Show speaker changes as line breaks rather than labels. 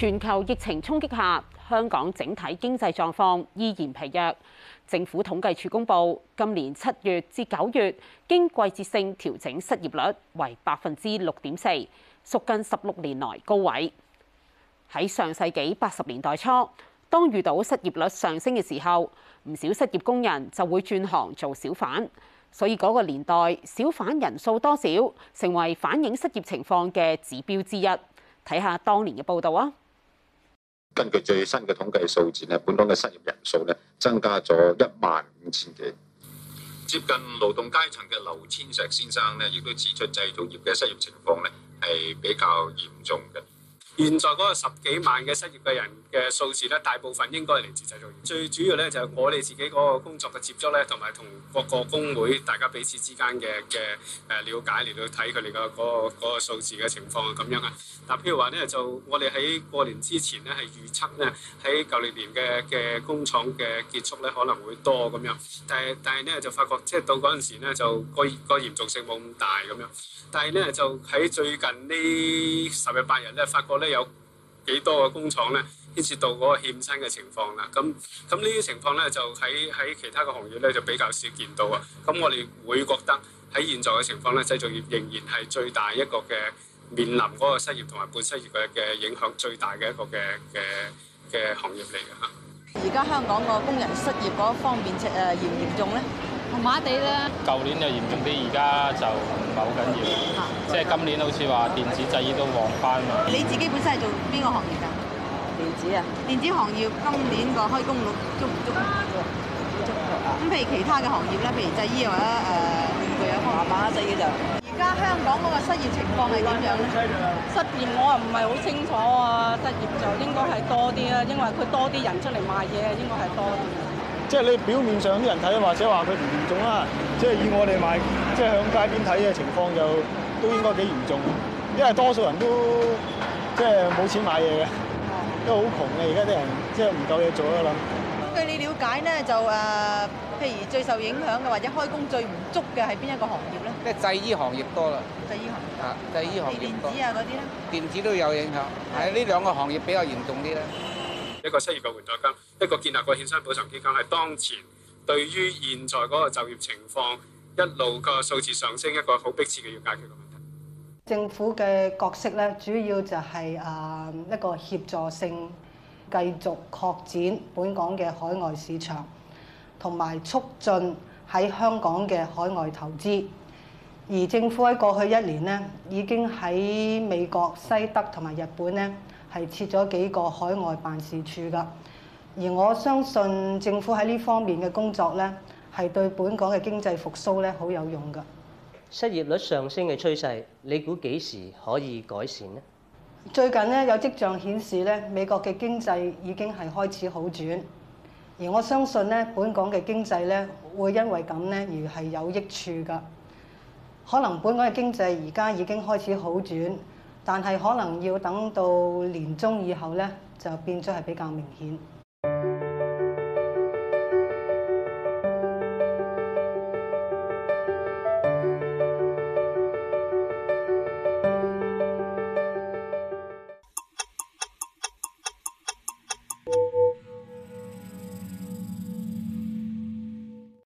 全球疫情衝擊下，香港整體經濟狀況依然疲弱。政府統計處公佈，今年七月至九月經季節性調整失業率為百分之六點四，屬近十六年來高位。喺上世紀八十年代初，當遇到失業率上升嘅時候，唔少失業工人就會轉行做小販，所以嗰個年代小販人數多少，成為反映失業情況嘅指標之一。睇下當年嘅報道啊！
根據最新嘅統計數字咧，本港嘅失業人數咧增加咗一萬五千幾。接近勞動階層嘅劉千石先生咧，亦都指出製造業嘅失業情況咧係比較嚴重嘅。現在嗰個十幾萬嘅失業嘅人嘅數字咧，大部分應該係嚟自製造業。最主要咧就係我哋自己嗰個工作嘅接觸咧，同埋同各個工會大家彼此之間嘅嘅誒瞭解嚟到睇佢哋嘅嗰個嗰個數字嘅情況咁樣啊。嗱，譬如話咧，就我哋喺過年之前咧係預測咧喺舊曆年嘅嘅工廠嘅結束咧可能會多咁樣，但係但係咧就發覺即係到嗰陣時咧就、嗰個、嗰個嚴重性冇咁大咁樣，但係咧就喺最近呢十日八日咧發覺咧。有幾多個工廠咧牽涉到嗰個欠薪嘅情況啦，咁咁呢啲情況咧就喺喺其他嘅行業咧就比較少見到啊，咁我哋會覺得喺現在嘅情況咧，製造業仍然係最大一個嘅面臨嗰個失業同埋半失業嘅嘅影響最大嘅一個嘅嘅嘅行業嚟嘅吓。而家香港個工人失業嗰方
面嚴重呢，誒嚴唔嚴重咧？麻麻地啦，
舊年就嚴重啲，而家就唔係好緊要，即係今年好似話電子製衣都旺返喎。
你自己本身係做邊個行業㗎？電子啊，電子行業今年個開工率足唔足？足啊！咁譬如其他嘅行業咧，譬如製衣又或者誒
玩具啊，麻麻地就。而家香港嗰個失業情況係點樣咧？失業我又唔係好清楚喎，失業就應該係多啲啦，因為佢多啲人出嚟賣嘢，應該係多啲。
即係你表面上啲人睇，或者話佢唔嚴重啦。即係以我哋買，即係響街邊睇嘅情況，就都應該幾嚴重。因為多數人都即係冇錢買嘢嘅，都好窮嘅。而家啲人即係唔夠嘢做啊啦。根
據你了解咧，就誒譬如最受影響嘅，或者開工最唔足嘅係邊一個行
業咧？即係製衣行業多啦。製衣行業。啊，製衣行業多啦。製衣行業多啦。電子啊嗰啲咧？電子都有影響，係呢兩個行業比較嚴重啲咧。一個失業救援代金，一個建立個險傷補償基金，係當前對於現在嗰個就業情況一路個數字上升一個好迫切嘅要解決嘅問題。
政府嘅角色咧，主要就係啊一個協助性，繼續擴展本港嘅海外市場，同埋促進喺香港嘅海外投資。而政府喺過去一年呢，已經喺美國、西德同埋日本呢。係設咗幾個海外辦事處㗎，而我相信政府喺呢方面嘅工作咧，係對本港嘅經濟復甦咧好有用㗎。
失業率上升嘅趨勢，你估幾時可以改善呢？
最近咧有跡象顯示咧，美國嘅經濟已經係開始好轉，而我相信咧，本港嘅經濟咧會因為咁咧而係有益處㗎。可能本港嘅經濟而家已經開始好轉。但係可能要等到年中以後咧，就變咗係比較明顯。